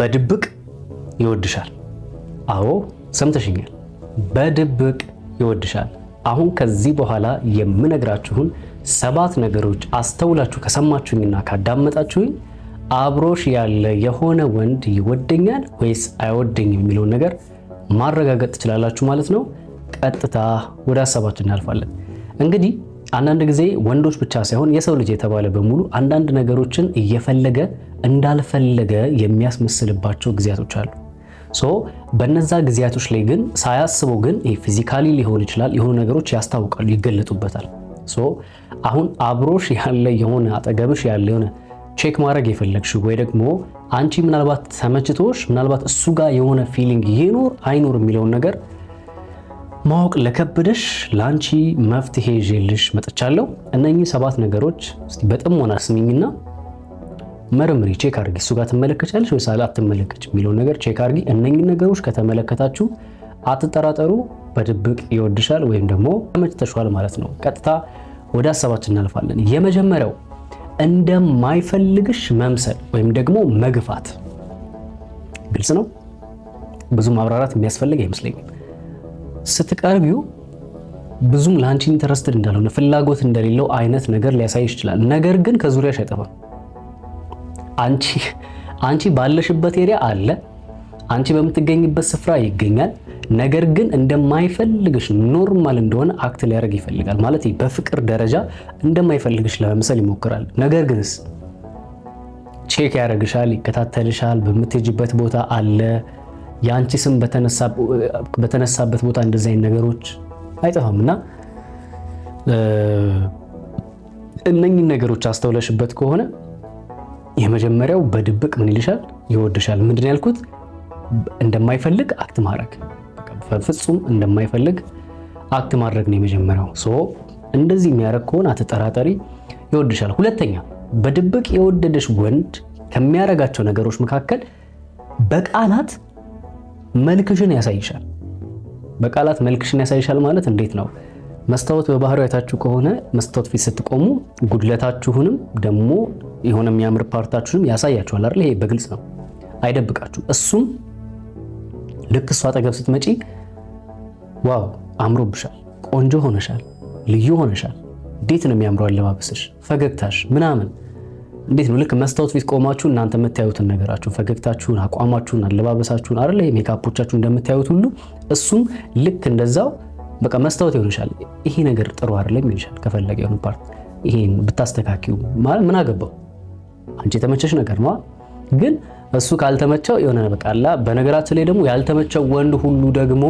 በድብቅ ይወድሻል። አዎ ሰምተሽኛል። በድብቅ ይወድሻል። አሁን ከዚህ በኋላ የምነግራችሁን ሰባት ነገሮች አስተውላችሁ ከሰማችሁኝና ካዳመጣችሁኝ አብሮሽ ያለ የሆነ ወንድ ይወደኛል ወይስ አይወደኝም የሚለውን ነገር ማረጋገጥ ትችላላችሁ ማለት ነው። ቀጥታ ወደ ሀሳባችን እናልፋለን እንግዲህ አንዳንድ ጊዜ ወንዶች ብቻ ሳይሆን የሰው ልጅ የተባለ በሙሉ አንዳንድ ነገሮችን እየፈለገ እንዳልፈለገ የሚያስመስልባቸው ጊዜያቶች አሉ። ሶ በነዛ ጊዜያቶች ላይ ግን ሳያስበው ግን ፊዚካሊ ሊሆን ይችላል የሆኑ ነገሮች ያስታውቃሉ፣ ይገለጡበታል። ሶ አሁን አብሮሽ ያለ የሆነ አጠገብሽ ያለ የሆነ ቼክ ማድረግ የፈለግሽው ወይ ደግሞ አንቺ ምናልባት ተመችቶሽ ምናልባት እሱ ጋር የሆነ ፊሊንግ ይኖር አይኖር የሚለውን ነገር ማወቅ ለከበደሽ ለአንቺ መፍትሄ ይዤልሽ መጥቻለሁ። እነኚህ ሰባት ነገሮች እስቲ በጥሞና ስሚኝና መርምሪ፣ ቼክ አርጊ። እሱ ጋር ትመለከቻለሽ ወይስ አትመለከች የሚለውን ነገር ቼክ አርጊ። እነኚህ ነገሮች ከተመለከታችሁ አትጠራጠሩ፣ በድብቅ ይወድሻል ወይም ደግሞ ተመችተሻል ማለት ነው። ቀጥታ ወደ ሀሳባችን እናልፋለን። የመጀመሪያው እንደማይፈልግሽ መምሰል ወይም ደግሞ መግፋት። ግልጽ ነው፣ ብዙ ማብራራት የሚያስፈልግ አይመስለኝም። ስትቀርቢው ብዙም ለአንቺ ኢንተረስትድ እንዳልሆነ ፍላጎት እንደሌለው አይነት ነገር ሊያሳይ ይችላል። ነገር ግን ከዙሪያሽ አይጠፋም። አንቺ አንቺ ባለሽበት ኤሪያ አለ፣ አንቺ በምትገኝበት ስፍራ ይገኛል። ነገር ግን እንደማይፈልግሽ ኖርማል እንደሆነ አክት ሊያደርግ ይፈልጋል። ማለት በፍቅር ደረጃ እንደማይፈልግሽ ለመምሰል ይሞክራል። ነገር ግንስ ቼክ ያደርግሻል፣ ይከታተልሻል። በምትሄጅበት ቦታ አለ የአንቺ ስም በተነሳበት ቦታ እንደዚህ አይነት ነገሮች አይጠፋም እና እነኝን ነገሮች አስተውለሽበት ከሆነ የመጀመሪያው በድብቅ ምን ይልሻል? ይወድሻል። ምንድን ያልኩት እንደማይፈልግ አክት ማድረግ ፍጹም እንደማይፈልግ አክት ማድረግ ነው የመጀመሪያው። ሶ እንደዚህ የሚያደርግ ከሆነ አትጠራጠሪ፣ ይወድሻል። ሁለተኛ በድብቅ የወደደሽ ወንድ ከሚያደርጋቸው ነገሮች መካከል በቃላት መልክሽን ያሳይሻል። በቃላት መልክሽን ያሳይሻል ማለት እንዴት ነው? መስታወት በባህሪው አይታችሁ ከሆነ መስታወት ፊት ስትቆሙ ጉድለታችሁንም ደግሞ የሆነ የሚያምር ፓርታችሁንም ያሳያችኋል አይደል? ይሄ በግልጽ ነው፣ አይደብቃችሁ። እሱም ልክ እሷ አጠገብ ስትመጪ ዋው አምሮብሻል፣ ቆንጆ ሆነሻል፣ ልዩ ሆነሻል፣ እንዴት ነው የሚያምረው አለባበስሽ፣ ፈገግታሽ ምናምን እንዴት ነው ልክ መስታወት ፊት ቆማችሁ እናንተ የምታዩትን ነገራችሁን፣ ፈገግታችሁን፣ አቋማችሁን፣ አለባበሳችሁን አይደለ ሜካፖቻችሁ እንደምታዩት ሁሉ እሱም ልክ እንደዛው በቃ መስታወት ይሆንሻል። ይሄ ነገር ጥሩ አይደለም ይሆንሻል። ከፈለገ የሆነ ፓርት ይሄን ብታስተካኪው ማለት ምን አገባው አንቺ የተመቸሽ ነገር ነዋ። ግን እሱ ካልተመቸው የሆነ በቃላ በነገራችን ላይ ደግሞ ያልተመቸው ወንድ ሁሉ ደግሞ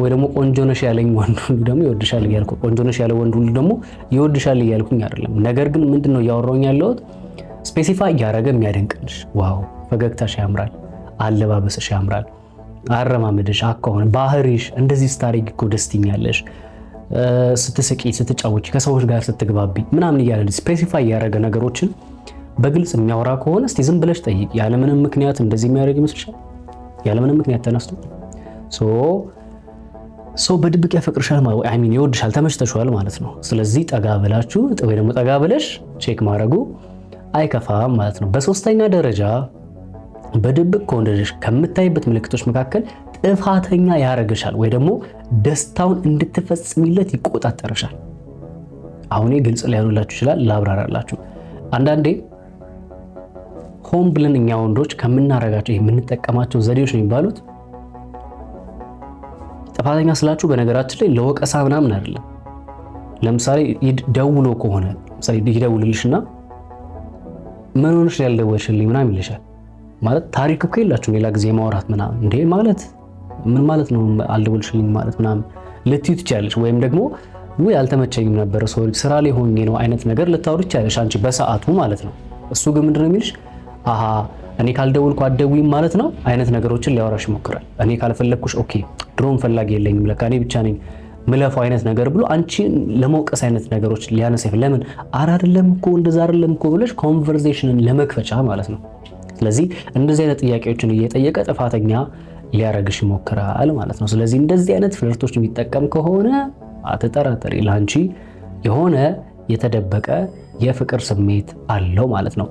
ወይ ደግሞ ቆንጆ ነሽ ያለኝ ወንድ ሁሉ ደግሞ ይወድሻል እያልኩ ቆንጆ ነሽ ያለ ወንድ ሁሉ ደግሞ ይወድሻል እያልኩኝ አይደለም። ነገር ግን ምንድን ነው እያወራሁኝ ያለሁት ስፔሲፋይ እያደረገ የሚያደንቅልሽ፣ ዋው ፈገግታሽ ያምራል፣ አለባበስሽ ያምራል፣ አረማመድሽ፣ አኳኋን፣ ባህሪሽ እንደዚህ ስታደርጊ እኮ ደስ ትኛለሽ፣ ስትስቂ፣ ስትጫወች፣ ከሰዎች ጋር ስትግባቢ ምናምን እያለ ስፔሲፋይ እያደረገ ነገሮችን በግልጽ የሚያወራ ከሆነ እስቲ ዝም ብለሽ ጠይቅ። ያለምንም ምክንያት እንደዚህ የሚያደርግ ይመስልሻል? ያለምንም ምክንያት ተነስቶ ሰው በድብቅ ያፈቅርሻል ሚን ይወድሻል፣ ተመችተሻል ማለት ነው። ስለዚህ ጠጋ ብላችሁ ወይ ደግሞ ጠጋ ብለሽ ቼክ ማድረጉ አይከፋም ማለት ነው። በሶስተኛ ደረጃ በድብቅ ከወንደደሽ ከምታይበት ምልክቶች መካከል ጥፋተኛ ያረግሻል ወይ ደግሞ ደስታውን እንድትፈጽሚለት ይቆጣጠርሻል። አሁኔ ግልጽ ሊያሉላችሁ ይችላል፣ ላብራራላችሁ። አንዳንዴ ሆን ብለን እኛ ወንዶች ከምናረጋቸው የምንጠቀማቸው ዘዴዎች ነው የሚባሉት ጥፋተኛ ስላችሁ በነገራችን ላይ ለወቀሳ ምናምን አይደለም። ለምሳሌ ደውሎ ከሆነ ምሳሌ ይደውልልሽና ምን ሆነሽ ያልደወልሽልኝ ምናምን ይልሻል። ማለት ታሪክ እኮ የላችሁም ሌላ ጊዜ ማውራት ምናምን እንዴ ማለት ምን ማለት ነው አልደወልሽልኝ ማለት ምናምን ልትዩ ትችላለች። ወይም ደግሞ ውይ አልተመቸኝም ነበር ሰው ስራ ላይ ሆኜ ነው አይነት ነገር ልታወሪ ትችላለች አንቺ በሰዓቱ ማለት ነው። እሱ ግን ምንድነው የሚልሽ አሀ እኔ ካልደውልኩ አትደውይም ማለት ነው አይነት ነገሮችን ሊያወራሽ ይሞክራል። እኔ ካልፈለግኩሽ ኦኬ ድሮም ፈላጊ የለኝም ለካ እኔ ብቻ ነኝ ምለፈው አይነት ነገር ብሎ አንቺን ለመውቀስ አይነት ነገሮች ሊያነሳ ለምን አረ አይደለም እኮ እንደዛ አይደለም እኮ ብለሽ ኮንቨርሴሽንን ለመክፈቻ ማለት ነው። ስለዚህ እንደዚህ አይነት ጥያቄዎችን እየጠየቀ ጥፋተኛ ሊያረግሽ ይሞክራል ማለት ነው። ስለዚህ እንደዚህ አይነት ፍለርቶች የሚጠቀም ከሆነ አትጠራጠሪ፣ ለአንቺ የሆነ የተደበቀ የፍቅር ስሜት አለው ማለት ነው።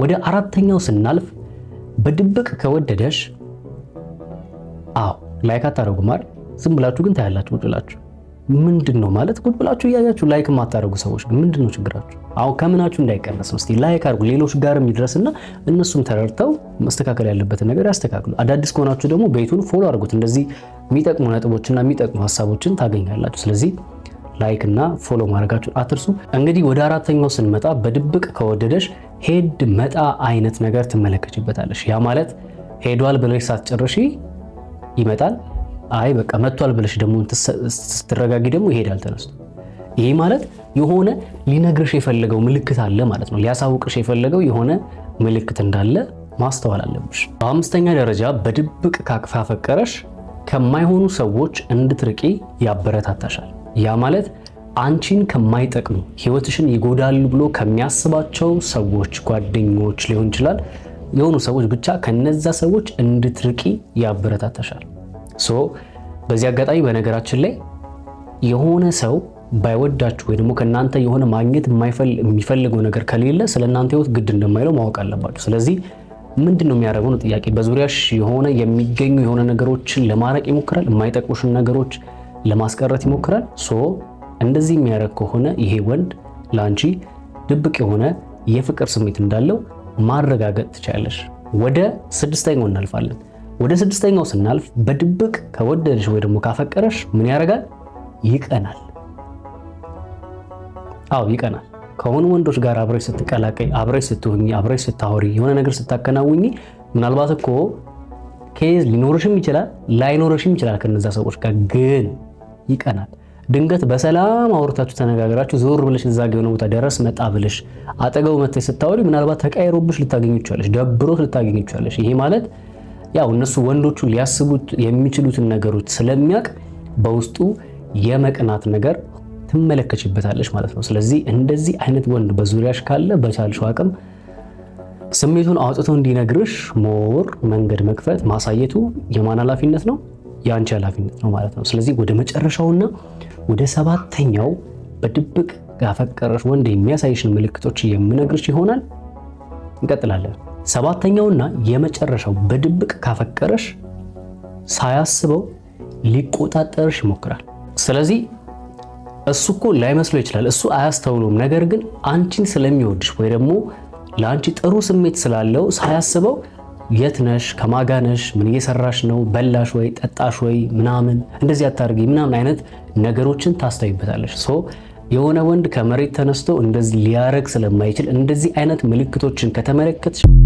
ወደ አራተኛው ስናልፍ በድብቅ ከወደደሽ፣ አዎ ላይክ አታደርጉም አይደል? ዝም ብላችሁ ግን ታያላችሁ ቁጭ ብላችሁ። ምንድን ነው ማለት ቁጭ ብላችሁ እያያችሁ ላይክ የማታደርጉ ሰዎች ግን ምንድን ነው ችግራችሁ? አሁን ከምናችሁ እንዳይቀነስ እስኪ ላይክ አድርጉ፣ ሌሎች ጋርም ይድረስና እነሱም ተረድተው መስተካከል ያለበትን ነገር ያስተካክሉ። አዳዲስ ከሆናችሁ ደግሞ ቤቱን ፎሎ አድርጉት። እንደዚህ የሚጠቅሙ ነጥቦችና የሚጠቅሙ ሀሳቦችን ታገኛላችሁ። ስለዚህ ላይክ እና ፎሎ ማድረጋችሁን አትርሱ። እንግዲህ ወደ አራተኛው ስንመጣ በድብቅ ከወደደሽ ሄድ መጣ አይነት ነገር ትመለከችበታለሽ። ያ ማለት ሄዷል ብለሽ ሳትጨርሺ ይመጣል። አይ በቃ መጥቷል ብለሽ ደግሞ ስትረጋጊ ደግሞ ይሄዳል ተነስቶ። ይሄ ማለት የሆነ ሊነግርሽ የፈለገው ምልክት አለ ማለት ነው። ሊያሳውቅሽ የፈለገው የሆነ ምልክት እንዳለ ማስተዋል አለብሽ። በአምስተኛ ደረጃ በድብቅ ካፈቀረሽ ከማይሆኑ ሰዎች እንድትርቂ ያበረታታሻል። ያ ማለት አንቺን ከማይጠቅሙ ህይወትሽን ይጎዳሉ ብሎ ከሚያስባቸው ሰዎች፣ ጓደኞች ሊሆን ይችላል የሆኑ ሰዎች ብቻ ከነዛ ሰዎች እንድትርቂ ያበረታታሻል። ሶ በዚህ አጋጣሚ በነገራችን ላይ የሆነ ሰው ባይወዳችሁ ወይ ደግሞ ከእናንተ የሆነ ማግኘት የሚፈልገው ነገር ከሌለ ስለ እናንተ ህይወት ግድ እንደማይለው ማወቅ አለባችሁ። ስለዚህ ምንድን ነው የሚያደርገው ነው ጥያቄ። በዙሪያሽ የሆነ የሚገኙ የሆነ ነገሮችን ለማራቅ ይሞክራል። የማይጠቅሙሽን ነገሮች ለማስቀረት ይሞክራል። ሶ እንደዚህ የሚያደርግ ከሆነ ይሄ ወንድ ለአንቺ ድብቅ የሆነ የፍቅር ስሜት እንዳለው ማረጋገጥ ትችላለሽ። ወደ ስድስተኛው እናልፋለን። ወደ ስድስተኛው ስናልፍ በድብቅ ከወደደሽ ወይ ደግሞ ካፈቀረሽ ምን ያደርጋል? ይቀናል። አዎ ይቀናል። ከሆኑ ወንዶች ጋር አብረሽ ስትቀላቀይ፣ አብረሽ ስትሆኚ፣ አብረሽ ስታወሪ፣ የሆነ ነገር ስታከናውኚ ምናልባት እኮ ኬዝ ሊኖርሽም ይችላል ላይኖርሽም ይችላል ከነዛ ሰዎች ጋር ግን ይቀናል። ድንገት በሰላም አውርታችሁ ተነጋግራችሁ ዞር ብለሽ እዛ የሆነ ቦታ ደረስ መጣ ብለሽ አጠገቡ መጥተሽ ስታወሪ ምናልባት ተቀይሮብሽ ልታገኙ ይቻለሽ፣ ደብሮት ልታገኙ ይሄ ማለት ያው እነሱ ወንዶቹ ሊያስቡት የሚችሉትን ነገሮች ስለሚያውቅ በውስጡ የመቅናት ነገር ትመለከችበታለሽ ማለት ነው። ስለዚህ እንደዚህ አይነት ወንድ በዙሪያሽ ካለ በቻልሽው አቅም ስሜቱን አውጥቶ እንዲነግርሽ ሞር መንገድ መክፈት ማሳየቱ የማን ኃላፊነት ነው? የአንቺ ኃላፊነት ነው ማለት ነው። ስለዚህ ወደ መጨረሻውና ወደ ሰባተኛው በድብቅ ያፈቀረሽ ወንድ የሚያሳይሽን ምልክቶች የምነግርሽ ይሆናል። እንቀጥላለን። ሰባተኛውና የመጨረሻው በድብቅ ካፈቀረሽ ሳያስበው ሊቆጣጠርሽ ይሞክራል። ስለዚህ እሱ እኮ ላይመስሎ ይችላል፣ እሱ አያስተውሎም ነገር ግን አንቺን ስለሚወድሽ ወይ ደግሞ ለአንቺ ጥሩ ስሜት ስላለው ሳያስበው የት ነሽ? ከማጋነሽ? ምን እየሰራሽ ነው? በላሽ ወይ ጠጣሽ ወይ ምናምን እንደዚህ አታርጊ ምናምን አይነት ነገሮችን ታስተይበታለሽ። ሶ የሆነ ወንድ ከመሬት ተነስቶ እንደዚህ ሊያረግ ስለማይችል እንደዚህ አይነት ምልክቶችን ከተመለከትሽ